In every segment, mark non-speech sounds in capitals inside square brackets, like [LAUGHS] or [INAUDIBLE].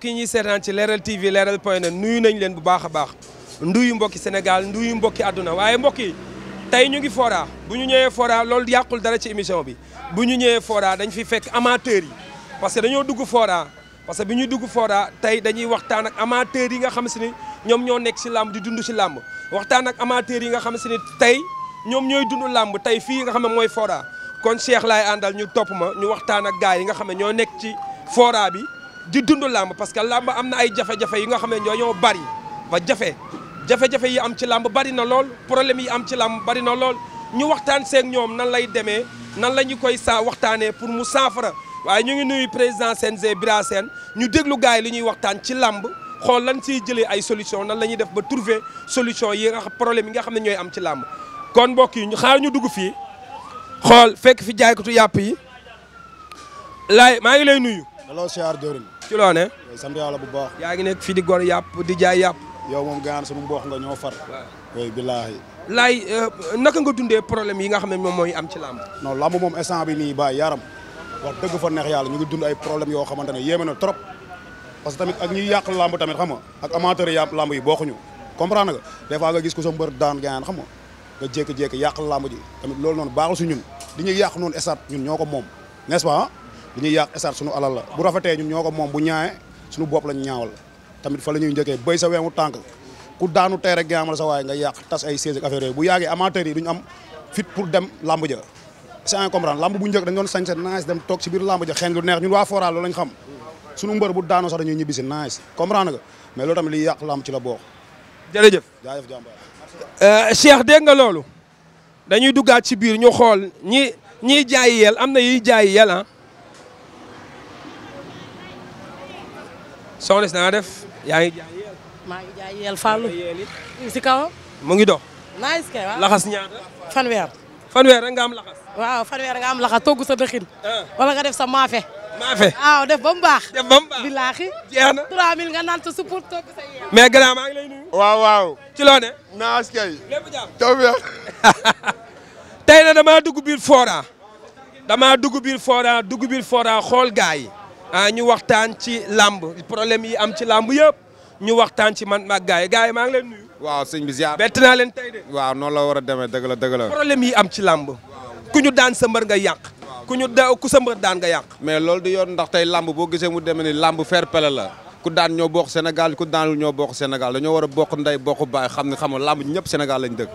ki ñuy seetaan ci leeral TV leeral point net nuyu nañ leen bu baax a baax nduyu mbokki Sénégal nduyu mbokki àdduna waaye mbokk yi tey ñu ngi fora bu ñu ñëwee fora loolu yàqul dara ci émission bi bu ñu ñëwee Fora dañu fi fekk amateurs yi parce que dañoo dugg Fora parce que bi ñuy dugg Fora tey dañuy waxtaan ak amateurs yi nga xam si ni ñoom ñoo nekk si làmb di dund si làmb waxtaan ak amateurs yi nga xam si tey ñoom ñooy dund làmb tey fii nga xam ne mooy Fora kon Cheikh laay àndal ñu topp ma ñu waxtaan ak gars yi nga xam ne ñoo nekk ci Fora bi di dund làmb parce que làmb am na ay jafe-jafe yi nga xam ne ñoo ñoo bari ba jafe jafe-jafe yi am ci làmb bari na lool problème yi am ci làmb bari na lool ñu waxtaan seeg ñoom nan lay demee nan la ñu koy saa waxtaanee pour mu saafara waaye ñu ngi nuyu président CNG Bira Sène ñu déglu gars yi li ñuy waxtaan ci làmb xool lan siy jëlee ay solution nan la ñuy def ba trouver solution yi nga problème yi nga xam ne ñooy am ci làmb kon mbokk yi ñu xaar ñu dugg fii xool fekk fi jaaykatu yàpp yi laay maa ngi lay nuyu. delloo siyaar jëwriñ ci loone sant yàlla bu baax. yaa ngi nekk fii di gor yàpp di jaay yàpp. yow moom gaan sunu mboox nga ñoo far. oui billaahi. laay euh, naka nga dundee problème yi nga xam ne moom mooy am ci làmb. non làmb moom instant bi nii bàyyi yaram wax dëgg fa neex yàlla ñu ngi dund ay problème yoo xamante ne yéeme na trop parce que tamit ak ñuy yàq làmb tamit xam nga ak amateur yi yi bokkuñu comprendre nga des fois nga gis ko sa mbër daan gaañaan xam nga nga jékki-jékki yàq làmb ji tamit loolu noonu baaxul si ñun li ñuy yàq noonu esat ñun ñoo ko moom n'est-ce pas li ñuy yàq esat suñu alal la bu rafetee ñun ñoo ko moom bu ñaawee suñu bopp lañ ñaawal tamit fa la ñuy njëkkee béy sa weemu tànk ku daanu tey rek amal sa waaye nga yàq tas ay siège ak affaire yooyu bu yàggee amateurs yi duñu am fit pour dem lamb ja c'est incompréhensible lamb bu njëkk dañ doon sañse nice dem toog si biir lamb ja xeen lu neex ñun waa Fora loolu xam suñu mbër bu daanoo sax dañuy ñibbi si nice comprendre nga mais loolu tamit liy yàq lamb ci la bokk jërëjëf jaajëf jàmbaar euh, Cheikh dégg nga loolu dañuy duggaat ci biir ñu xool ñi ñiy jaay yel am na yiy jaay yel ah soxna def yaa maa ngi jaay yeel Fallou mu ngi dox. nice kay waaw laxas ñaata. fanweer. fanweer rek nga am laxas. waaw fanweer nga am laxas togg sa dëxin. Ah. wala nga def sa maafe. maafe waaw def ba def ba mu baax bilaahi. jeex na 3000 nga naan sa support togg sa mais grand maa ngi lay nuyu. waaw waaw. ci loo ne. nice kay. lépp jàmm taw bi [LAUGHS] tey na damaa dugg xool gars yi. Ah, ñu waxtaan ci làmb problème yi am ci làmb yëpp. ñu waxtaan ci man ak gars yi yi maa ngi leen nuyu. waaw sëñ bi ziar bett naa leen tey de. waaw noonu la war a demee dëgg la dëgg la. problème yi am ci làmb ku ñu daan sa mbër nga yàq. ku ñu da ku sa mbër daan nga yàq. mais loolu di yoon ndax tey làmb boo gisee mu demee ni làmb fair-play ku daan ñoo bokk Sénégal ku daanul ñoo bokk Sénégal dañoo war a bokk ndey bokk baay xam ne xam nga làmb ñëpp Sénégal lañ dëkk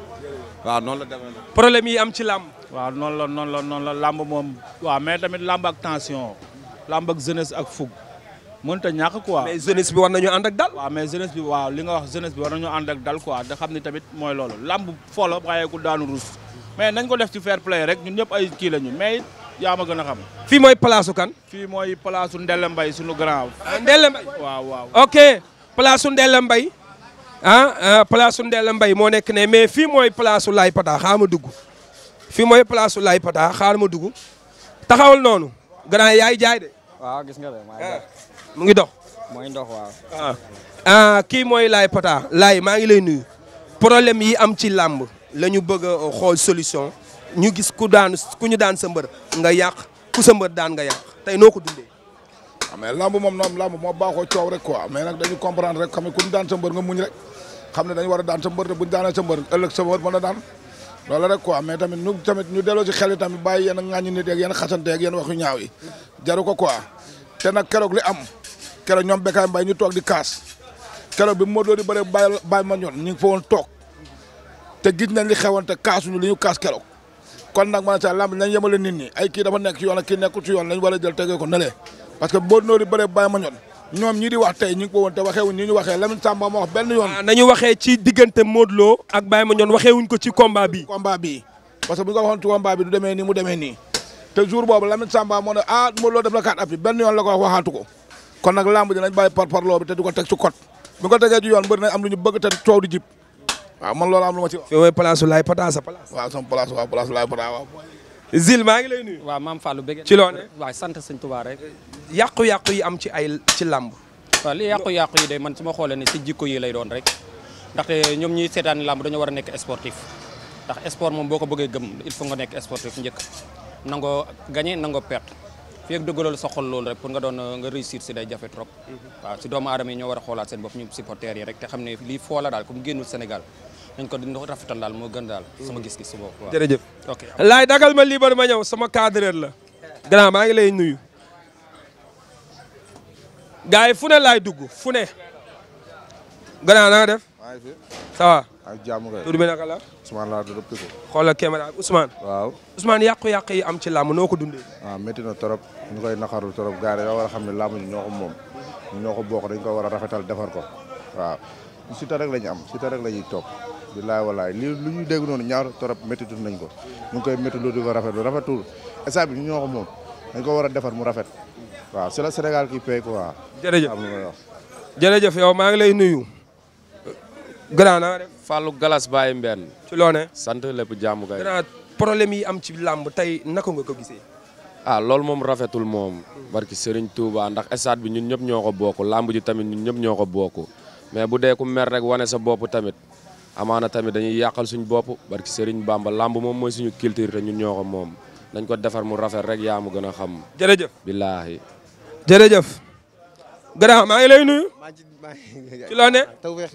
waaw noonu la demee problème yi am ci làmb. waaw noonu la noonu la noonu la làmb moom. waaw mais tamit làmb ak tension làmb ak ak fougue mënut a ñàkk quoi. mais jeunesse bi war nañu ànd ak waaw mais jeunesse bi waaw li nga wax jeunesse bi war nañu ànd ak dal quoi da xam ni tamit mooy loolu lamb folo bàyyeekul daanu ruus mais nañ ko def ci fair play rek ñun ñëpp ay kii lañu mais yaa ma gën a xam. fii mooy palaasu kan. fii mooy palaasu Ndelle Mbaye sunu grand. Ah, Ndelle Mbaye waaw waaw. ok palaasu Ndelle Mbaye ah, ah palaasu Ndelle Mbaye moo nekk ne mais fii mooy palaasu Laye Pata xaar ma dugg fii mooy palaasu Laye Pata xaar ma dugg taxawal noonu grand waaw gis nga de maa ah. ngi dox. mu ngi dox. moo ngi dox waaw. Ah. ah kii mooy Laye Pata Laye maa ngi lay nuyu. problème yi am ci lamb la ñu bëgg a xool solution ñu gis ku daan ku ñu daan sa mbër nga yàq ku sa mbër daan nga yàq tey noo ko dundee. waaw ah, mais moom noom làmb moo baaxoo coow rek quoi mais nag dañu comprendre rek xam ne daan sa mbër nga muñ rek xam ne dañu war a daan sa mbër te bu ñu daanee sa mbër ëllëg sa mbër mën a daan. loolu rek quoi mais tamit ñu tamit ñu delloo ci xel yi tamit bàyyi yenn ŋàññi nit yeeg yenn xasante yeeg yenn waxu ñaaw yi jaru ko quoi te nag keroog li am keroog ñoom Bécaye Mbaye ñu toog di kaas keroog bi Modou Lo di bëre bàyyi bàyyi ma ñoon ñu ngi fa woon toog te gis nañ li xewoon te kaasuñu li ñu kaas keroog kon nag man sa lamb nañ yemale nit ñi ay kii dafa nekk ci yoon ak kii nekkul ci yoon lañ war a jël tegee ko ne parce que Modou Lo di bëre bàyyi ma ñoom ñi wax tey ñu ngi ko woon te waxeewuñ ñu ñu waxee Lamine Samba ma wax benn yoon. Ah, ñu waxee ci diggante Modou Lo ak Baye Mandione waxeewuñ ko ci combat bi combat bi parce que bu ñu ko waxoon ci combat bi du demee nii mu demee ni te jour boobu Lamine Samba moo ne ah def la carte d'appui benn yoon la ko wax waxaatu ko kon nag lamb dinañ bàyyi par parloo bi te du ko teg ci code bu ko tegee ci yoon mbër nañ am ñu bëgg te coow jib Zil maa ngi lay nuyu. waaw maam Fallou bëgg ci loone waaw sant sëñ Tuubaa rek. yàqu-yàqu yi am ci ay ci làmb. waaw li yàqu-yàqu yi de man su ma xoolee ne si jikko yi lay doon rek ndaxte ñoom ñuy seetaan làmb dañoo war a nekk sportif ndax sport moom boo ko bëggee gëm il faut nga nekk sportif njëkk nangoo gagné nangoo perte fii ak dëggaloolu sa xol loolu rek pour nga doon nga réussir si day jafe trop. Mhm. waaw si doomu aadama yi ñoo war a xoolaat seen bopp ñu supporters yi rek te ne lii foo la daal comme génnul Sénégal dañ ko dañ ko rafetal daal moo gën daal. sama gis-gis su boobu waaw jërëjëf. ok laay dagal ma liibar ma ñëw sama cadreur la. grand maa ngi lay nuyu. gars yi fu ne laay dugg fu ne. grand na def. maa ngi fi. ça va. la. Ousmane laa tudd Pico. xoolal caméra ak Ousmane. waaw yàqu-yàq yi am ci làmb noo ko dundee. waaw ah, métti na ñu koy naqarlu trop gars yi dañoo war a xam ne làmb ñu ñoo ko moom ñoo ko bokk dañ ko war a rafetal defar ko waaw Siteu rek la ñu am Siteu rek la ñuy bilaay walaay li ñu dégg ñaar trop méttitu nañ ko ñu ngi koy méttilu di ko rafetlu rafetul état bi ñu ñoo ko moom dañ ko war a defar mu rafet waaw c'est le Sénégal qui paye quoi. jërëjëf jërëjëf yow maa ngi lay nuyu. grand na rek. Fallou Galas Baye Mbène. ci loone sant lépp jàmm kay. grand problème yi am ci làmb tey naka nga ko gisee. Ah, loolu moom rafetul moom. barki Serigne Touba ndax stade bi ñun ñëpp ñoo ko bokk làmb ji tamit ñun ñëpp ñoo ko bokk mais bu dee ku mer rek wane sa bopp tamit amaana tamit dañuy yàqal suñu bopp barki Serigne Bamba lamb moom mooy suñu culture te ñun ñoo ko moom nañ ko defar mu rafet rek yaa mu gën a xam. jërëjëf billaahi. jërëjëf. grand maa ngi lay nuyu. maa ngi ci ci loo ne. tawfeex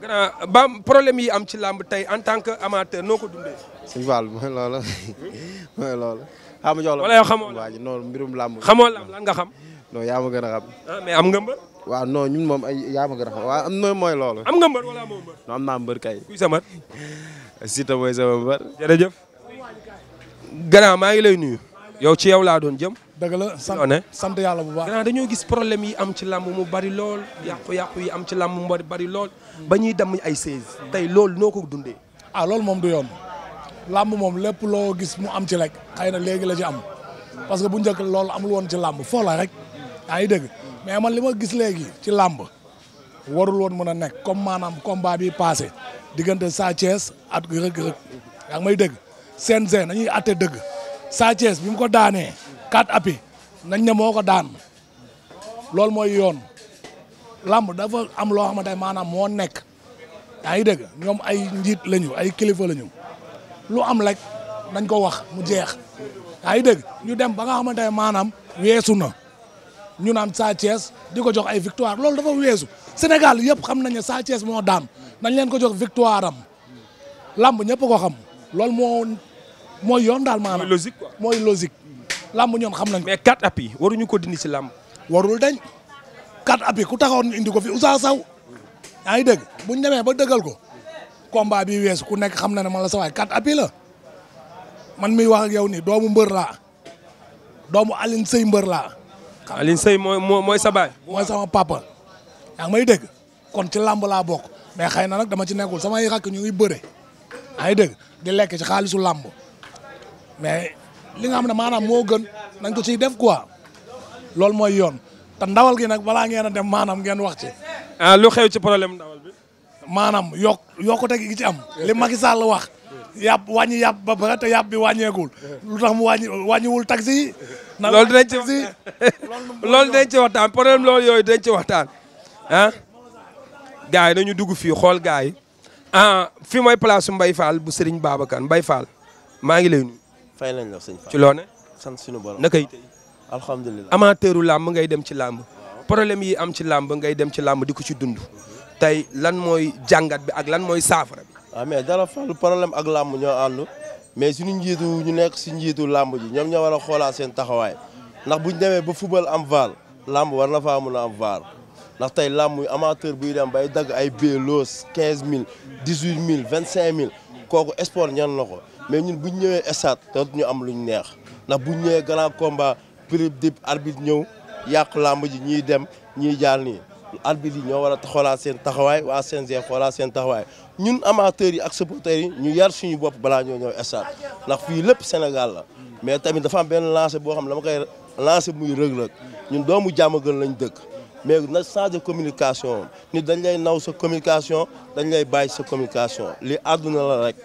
grand am ci lamb tey en tant que amateur noo ko dundee. sëñ Fall mooy loolu hmm? mooy loolu. xam nga jox la lamb. xamoo lamb lan nga xam. non yaa ma ah, am nga mbër. waaw non moom ay yaa am na mooy loolu. am nga mbër wala amoo mbër. non am naa mbër kay. kuy sa mbër. [LAUGHS] Siteu mooy sama mbër. jërëjëf. gannaaw maa ngi lay nuyu. yow ci yow laa doon jëm. dëgg la sant sant yàlla bu baax. gannaaw dañoo gis problème yi am ci làmb mu bari lool. yàqu-yàqu yi am ci làmb mu bari lool. ba ñuy dem ay seize. tey loolu noo ko dundee. ah loolu moom du yoon. làmb moom lépp loo gis mu am ci rek. xëy na léegi la ci am. parce que bu njëkk loolu amul woon ci làmb foo la rek yaa ngi dégg mais man li ma gis léegi ci làmb warul woon mën a nekk comme maanaam combat bi passé diggante Sa Thiès ak Reug Reug yaa ngi may dégg CNG nañuy atte dëgg Sa Thiès bi mu ko daanee quatre appuis nañ ne moo ko daan loolu mooy yoon làmb dafa am loo xamante maanaam moo nekk yaa ngi dégg ñoom ay njiit lañu ay kilifa lañu lu am rek nañ ko wax mu jeex yaa ngi dégg ñu dem ba nga xamante maanaam weesu na ñu naan Sa Thiès di ko jox ay victoire lool dafa weesu Sénégal yëpp xam nañ ne Sa Thiès moo daan nañ leen ko jox victoire am lamb ñëpp ko xam loolu moo mooy yoon daal maanaam. mooy logique quoi mooy logique. lamb ñoom xam nañ ko. mais quatre waruñu ko dindi si lamb. warul dañ quatre appuis ku taxawoon indi ko fi Ousa Saw yaa ngi dégg bu ñu demee ba dëggal ko combat bi weesu ku nekk xam na ne man la sa waay quatre la man miy wax ak yow nii doomu mbër laa doomu alin Seye mbër laa. Alioune Seye mooy mooy sa baay. mooy sama papa yaa ngi may dégg kon ci làmb laa bokk mais xëy na nag dama ci nekkul samay rakk ñu ngi bëre yaa ngi dégg di lekk ci xaalisu làmb mais li nga xam ne maanaam moo gën nañ ko ciy def quoi loolu mooy yoon te ndawal gi nag balaa ngeen a dem maanaam ngeen wax ci. ah lu xew ci problème ndawal bi. maanaam yokk yokkute gi ci am. li Macky Sall wax. yàpp wàññi yàpp ba pare te yàpp bi wàññeekul. lu tax mu wàññi wàññiwul yi loolu dinañ ci si [LAUGHS] loolu dinañ ci waxtaan problème loolu yooyu dinañ ci waxtaan ah. gars dugg fii xool gars yi ah fii mooy place su Mbaye Fall bu Serigne Babacar mbay Fall maa ngi lay nuyu. fay lañ la sëñ ci loone sant suñu borom naka yi tey. alhamdulilah amateuru làmb ngay dem ci làmb. problème yi am ci làmb ngay dem ci làmb di ko ci dund. tey lan mooy jàngat bi ak lan mooy saafara bi. Ah, mais dara ak làmb ñoo ànd. mais suñu njiitu ñu nekk si njiitu làmb ji ñoom ñoo war a xoolaat seen taxawaay ndax buñ demee ba football am VAR làmb war na faa mun a am VAR ndax tey làmb amateur buy dem bay dagg ay bee loos vingt 18000 25000 kooku sport ñan na ko mais ñun buñ ñëwee stade ñu am lu ñu neex ndax buñ ñëwee grand combat prix dip arbitre ñëw yàq làmb ji ñiy dem ñi jaar nii arbitre yi ñoo war a xoolaat seen taxawaay waa CNG xoolaat seen taxawaay ñun amateurs yi ak supporters yi ñu yar suñu bopp balaa ñoo ñëw stade ndax fii lépp Sénégal la mais tamit dafa am benn lancé boo xam ne dama koy lancé muy rëg-rëg ñun doomu jàmm gën lañ dëkk mais na changé communication nit dañ lay naw sa communication dañ lay bàyyi sa communication li na la rek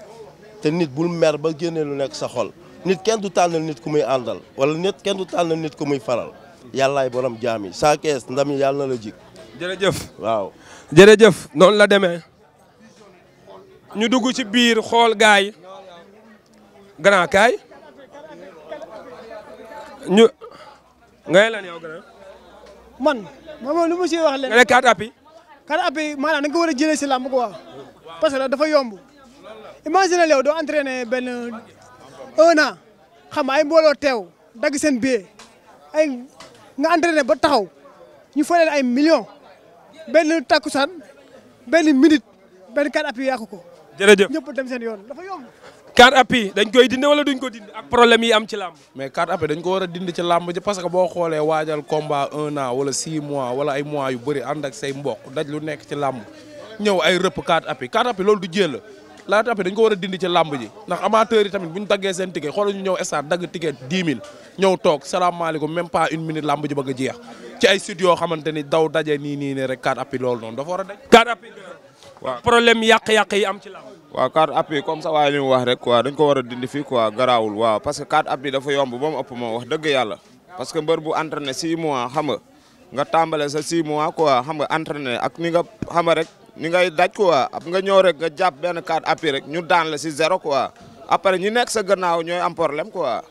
te nit bul mer ba génne lu nekk sa xol nit kenn du tànnal nit ku muy àndal wala nit kenn du nit ku muy faral yàllaay borom jaam yi saa kees ndam yi yàlla la jik jërëjëf waaw jërëjëf noonu la deme ñu dugg ci biir xool gaay grand kaay ñu ngay lan yow grand man moom lu mu si wax leen nga ne carte appui carte appui maanaam da nga ko war a jëlee si làmb quoi parce que dafa yomb imagine yow doo entraîné benn un an ay mbooloo teew dagg seen billet ay nga entraîné ba taxaw ñu fay ay million benn takkusaan benn minute benn quatre appuis yàqu ko. jërëjëf ñëpp dem seen yoon dafa yomb. quatre appuis dañ koy dinde wala duñ ko dindi ak problème yi am ci làmb. mais quatre appuis dañ ko war a dindi ci làmb ji parce que boo xoolee waajal combat un an wala six mois wala ay mois yu bëri ànd ak say mbokk daj lu nekk ci làmb ñëw ay rëpp quatre appuis quatre appuis loolu du jël la tapé dañ ko war a dindi ci làmb ji ndax amateurs yi tamit bu ñu daggee seen ticket xoolal ñu ñëw stade dagg ticket 10 000 ñëw pas une minute làmb ji bëgg jeex ci ay sud yoo xamante ni daw daje nii nii ne rek carte appui loolu noonu dafa war a daj. carte appui yàq yi am ci làmb. waaw carte appui comme ça waaye rek quoi dañ ko war a dindi fii quoi garaawul waaw parce que carte appui dafa yomb ba mu ëpp moom wax dëgg yàlla parce que mbër bu entraîné 6 mois xam nga nga tàmbale sa 6 mois quoi xam nga entraîné ak ni nga xam rek ni ngay daj quoi ab nga ñëw rek nga jàpp benn carte appui rek ñu daan la si zéro quoi après ñu nekk sa gannaaw ñooy am problème quoi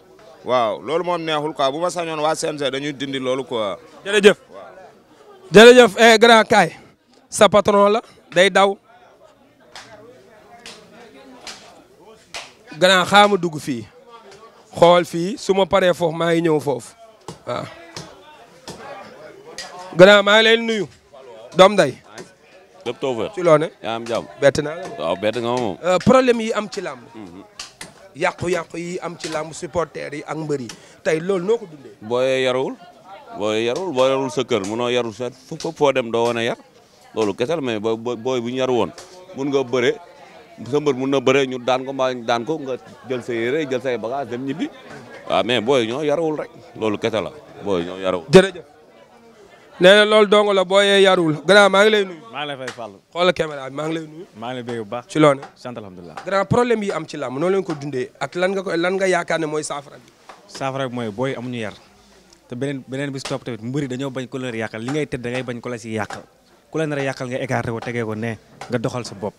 waaw loolu moom neexul quoi bu ma sañoon waa CNG dañuy dindi loolu quoi. jërëjëf jërëjëf eh grand kaay sa patron la day daw. grand xaama dugg fii xool fii suma ma paree foofu maa ngi ñëw foofu waaw maa ngi leen nuyu doom day lépp tawfeex ci loone yaa am jàmm bett naa la moom euh, problème yi am ci làmb mhm. yàqu yi am ci làmb supporter yi ak mbër yi tey loolu noo ko dundee booyee yarawul booy yarul boo yarul sa kër munoo yarul sa fop dem doo woon a yar loolu kesel mais booy booy bu ñu yar woon mun nga bëre sa mbër mun na bëre ñu daan ko nga jël sa yére jël dem ñibbi waaw mais booy ñoo yarawul rek loolu kese la booy ñoo yarawul jërëjëf nee na loolu dong la booyee yarul grand maa ngi lay nuyu. maa ngi lay fay Fall. xoolal caméra bi maa ngi lay nuyu. maa ngi lay bëgg bu baax. ci loone sant alhamdulilah. grand problème yi am ci làmb noo leen ko dundee ak lan nga ko lan nga yaakaar ne mooy saafara bi. saafara bi mooy booy amuñu yar beneen bi bis topp tamit mbëri dañoo bañ ko leen yàqal li ngay tëdd da ngay bañ ko la si yàqal ku la nar a yàqal nga écarté ko tegee ko ne nga doxal sa bopp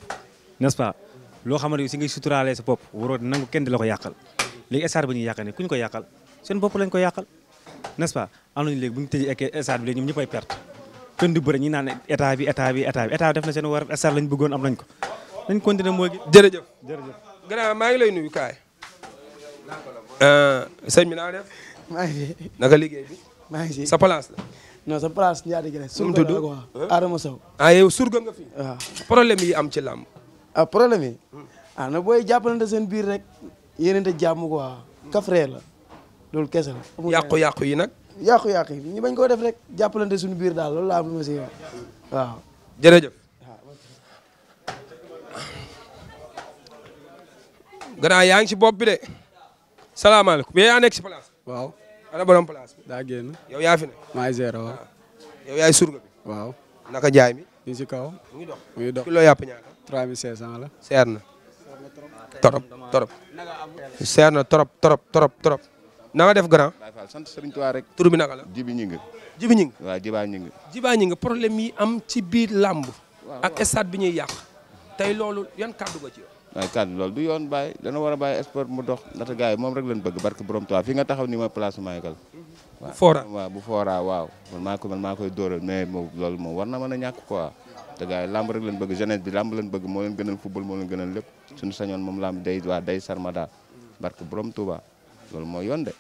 n'est-ce pas loo xamante ni si ngay suturaalee sa bopp waroo nangu kenn di la ko yàqal léegi estar bi ñuy yàqal ne ku ko yàqal seen bopp lañ n'est-ce pas am nañu léegi bu ñu tëjee ek stade bi léegi ñoom ñëpp ay perte kenn naan état bi état bi état bi état bi def na seen war stade lañ bëggoon am nañ ko nañ continuer moo gi jërëjëf jërëjëf gannaaw maa ngi lay nuyu kaay euh, sëñ maa ngi liggéey bi maa si sa place la sa place ñaari gi la su mu tudd nga fi waaw problème yi am ci làmb ah problème yi ah na booy jàppalante seen biir rek yéenente jàmm ko kafree la loolu kese yàqu-yàqu yi nag. yàqu-yàqu yi ñu bañ koo def rek jàppalante suñu biir daal loolu laa am lu ma si waaw. jërëjëf. gannaaw yaa ngi si bopp bi de salaamaaleykum yow yaa nekk si place. waaw ana borom place daa génn yow yaa fi ne. maa ngi zéro waaw. bi. waaw naka mu ngi dox mu ngi la. seer na. torop torop torop. seer na torop torop torop torop. na def grand. waaw waaw sant Serigne Touba rek. tur bi naka la Jibi Ñing. Jibi Ñing waaw Jiba Ñing. Jiba Ñing problème yi am ci biir lamb ak stade bi ñuy yàq. tey loolu yan kàddu nga ci yow. yoon bàyyi dana war a bàyyi sport mu dox ndaxte gars yi moom rek lañ bëgg barke borom Touba fi nga taxaw ni ma place Michael. Mm-hmm. bu Fora waaw bu Fora waaw man maa ko man maa koy dóoral mais war na mën a ñàkk quoi. te gars yi làmb rek lañ bëgg jeunesse bi làmb lañ bëgg moo leen gënal football moo leen gënal lépp suñu sañoon moom làmb day waa day sarmada barke borom Touba mooy yoon de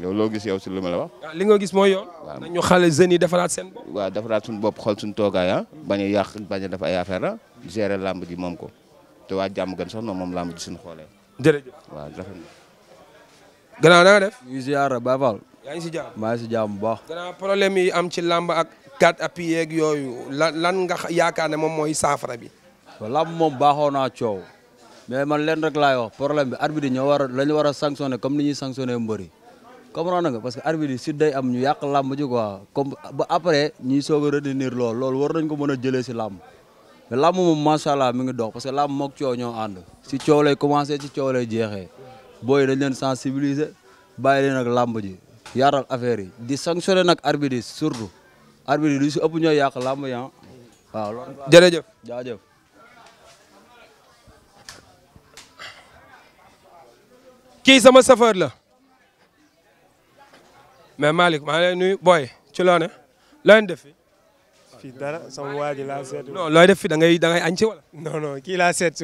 yow loo gis yow si li ma la wax. li nga gis mooy yoon. waaw nañu xale jeunes yi defaraat seen bopp. waaw defaraat suñu bopp xool suñu toogaay ah. bañ a yàq bañ a def ay affaire ah. gérer làmb ji moom ko te waa jàmm gën sax noonu moom làmb ji suñu xoolee. jërëjëf waaw rafet na. gannaaw def. ñu ngi ziar si jàmm maa ngi si baax. gannaaw problème yi am ci làmb ak quatre appuis yeeg yooyu lan lan nga yaakaar ne moom mooy saafara bi. làmb moom baaxoo naa coow mais man leen rek laay wax problème bi arbitre ñoo war a la ñu war a sanctionné comme ni ñuy sanctionné mbër yi comprendre nga parce que arbitre yi si day am ñu yàq làmb ji quoi comme ba après ñuy soog a retenir loolu loolu war nañ ko mën a jëlee si làmb làmb moom macha mi ngi dox parce que làmb moog coow ñoo ànd si coow lay commencé ci coow lay jeexee booy dañ leen sensibiliser bàyyi leen ak làmb ji yaatal affaire yi di sanctionné nag arbitre yi surtout arbitre yi lu si ëpp ñooy yàq làmb yi ah jërëjëf jaajëf kii sama safar la mais Malick maa ngi lay nuyu booy ci loone loo leen def waa ji laa fi da ngay añ ci wala. non non kii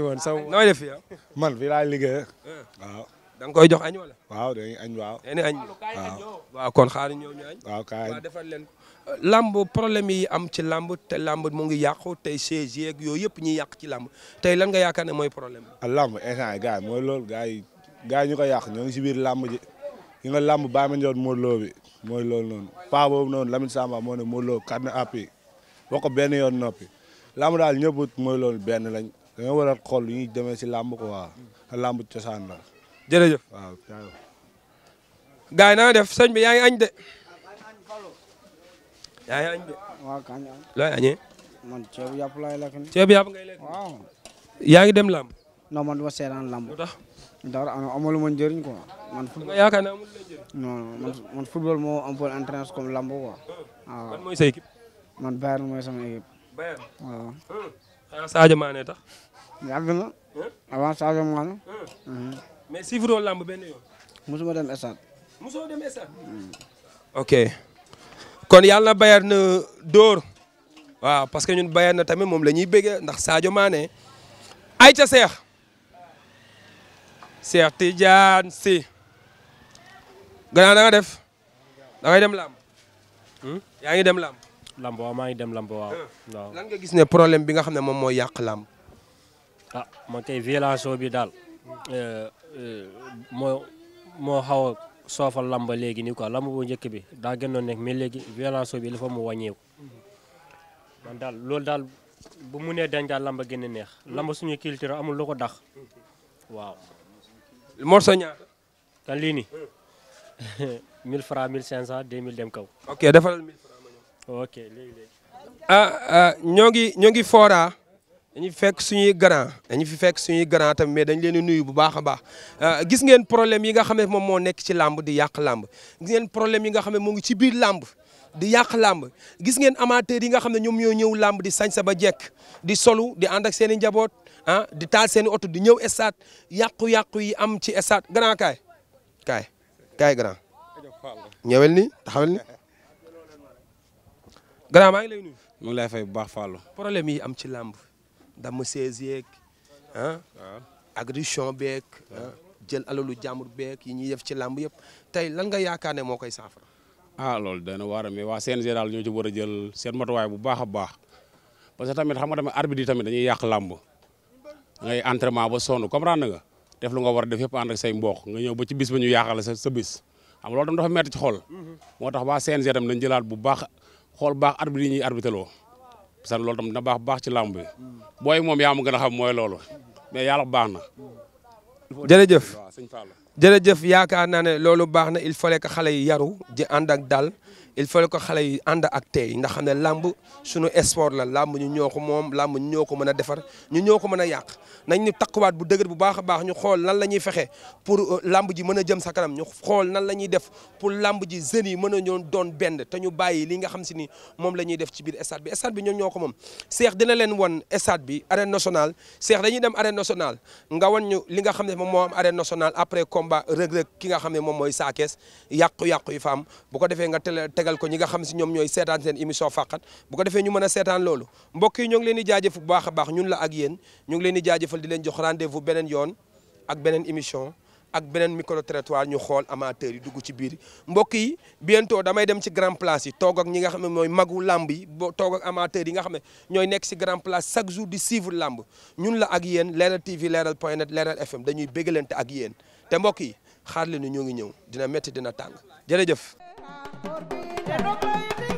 woon sama. nooy def fi yow. Ah? man laa liggéey ah. koy jox añ kon xaar ñëw ñu leen. lamb problème yi am ci lamb te lamb mu ngi yàqu tey chaise yeeg yooyu yëpp ñuy yàq ci lamb tey lan nga yaakaar ne mooy problème bi. Ah, lamb instant yi gars yi mooy ñu ko yàq ñoo ngi biir lamb ji ñu nga lamb mooy loolu noonu paa boobu noonu Lamine Samba moo ne Modou Lo carnet à appui wax ko benn yoon noppi làmb daal ñëpp mooy loolu benn lañ dañoo war a xool lu ñuy si làmb ko waa làmb cosaan la. jërëjëf waaw. yi naa def sëñ bi yaa ngi añ de. yaa ngi añ yàpp laay lekk ceeb yàpp ngay lekk. yaa ngi dem làmb. non man du ma làmb. tax. dara amalu ma yaakaar naa amul non non man football ah. ah. mhm. si fuddoo lamb benn dem stade. mosoo hmm. kon yàlla na Bayern dóor. waaw parce que ñun Bayern na tamit moom la ñuy bëgg ndax saajo Mané. ay seex. Cheikh Tidiane Sy gannaaw da nga def da ngay dem làmb hmm? yaa ngi dem làmb làmb waaw maa ngi dem làmb waaw hmm. waaw lan nga gis ne problème bi nga xam ne moom mooy yàq làmb ah man kay violence bi daal euh, euh, moo moo xaw a soofal làmb léegi nii quoi làmb bu njëkk bi daa gënoon nekk mais léegi violence bi dafa mu wàññeeku man daal loolu daal bu mu nee dañ daal làmb gën a neex làmb suñu culture amul lu ko dax hmm. waaw morceau ñaata. kan lii nii. 1000F 1500 2000 dem kaw. ok defalal 1000F ma ok léegi léegi. Ah, ah, ñoo ngi ñoo ngi fooraa. dañu fekk suñuy garan dañu fi fekk suñuy grand tamit mais dañ leen di nuyu bu baax a baax ah, gis ngeen problème yi nga xam ne moom moo nekk ci làmb di yàq làmb gis ngeen problème yi nga xam ne moo ngi ci biir làmb di yàq làmb gis ngeen amateur yi nga xam ne ñoom yoo ñëw làmb di sañsa ba jekk di solu di ànd ak seen i njaboot Ah, di taal seen oto di ñëw stade yàqu-yàqu yi am ci esat grand kaay kaay kaay grand ñëwel ni taxawel ni grand maa ngi lay nuyu. mu ngi lay fay bu baax Fallou. problème yi am ci làmb damm seize yeeg ah. agression beeg ah, jël alalu jàmbur beek yi ñuy def ci lamb yëpp tey lan nga yaakaar ne moo koy saafara. ah loolu dana war a mais waa CNG daal ñoo ci war a jël seen matuwaay bu baax baax parce que tamit xam nga tamit arbitre tamit dañuy yàq làmb ngay entraînement ba sonn na nga def lu nga war a def yëpp ànd ak say mbokk nga ñëw ba ci bis ba ñu yaaxal sa sa bis xam loolu tam dafa metti ci xol mm-hmm. moo tax waa CNG tam nañ jëlaat bu baax xool baax arbitre yi ñuy arbitreloo parce que loolu tam na baax baax ci làmb bi mm-hmm. booy moom yaa ma gën a xam mooy loolu mais yàlla baax na mm-hmm. jërëjëf jërëjëf yaakaar naa ne loolu baax na il fallait que xale yi yaru ji ànd ak dal il fallait que xale yi ànd ak yi nga xam ne làmb suñu sport la làmb ñu ñoo ko moom làmb ñu ñoo ko mën a defar ñu ñoo ko mën a yàq nañ ñu takkuwaat bu dëgër bu baax a baax ñu xool nan la ñuy fexe pour euh, lamb ji mën a jëm sa kanam ñu xool nan la ñuy def pour làmb ji jeunes yi mën a ñoon doon benn te ñu bàyyi li nga xam si ni moom lañuy def ci biir stade bi stade bi ñoom ñoo ko moom Cheikh dina leen won stade bi arène nationale Cheikh dañuy dem arène national nga wan ñu li nga xam ne moom moo am arène nationale après combat Reug Reug nga xam ne moom mooy saakees yàqu-yàqu yi fa ko defee nga tele tegal ko ñi nga xam si ñoom ñooy seetaan seen émission fàqat ñu a seetaan loolu mbokk yi ñoo ngi leen di jaajëf bu baax ak yéen ñu ngi leen di jaajëfal di leen jox rendez-vous beneen yoon ak beneen émission ak beneen micro trottoir ñu xool amateur yi dugg ci biir mbokk yi bientôt damay dem ci grand place yi toog ak ñi nga xam ne mooy magu làmb yi boo toog ak amateur yi nga xam ne ñooy nekk ci grand place chaque jour di suivre lamb ñun la ak yéen leeral TV leeral point net leeral FM dañuy béggalante ak yéen te mbokk yi xaar leen ñu ngi ñëw dina métti dina tàng jërëjëf. Te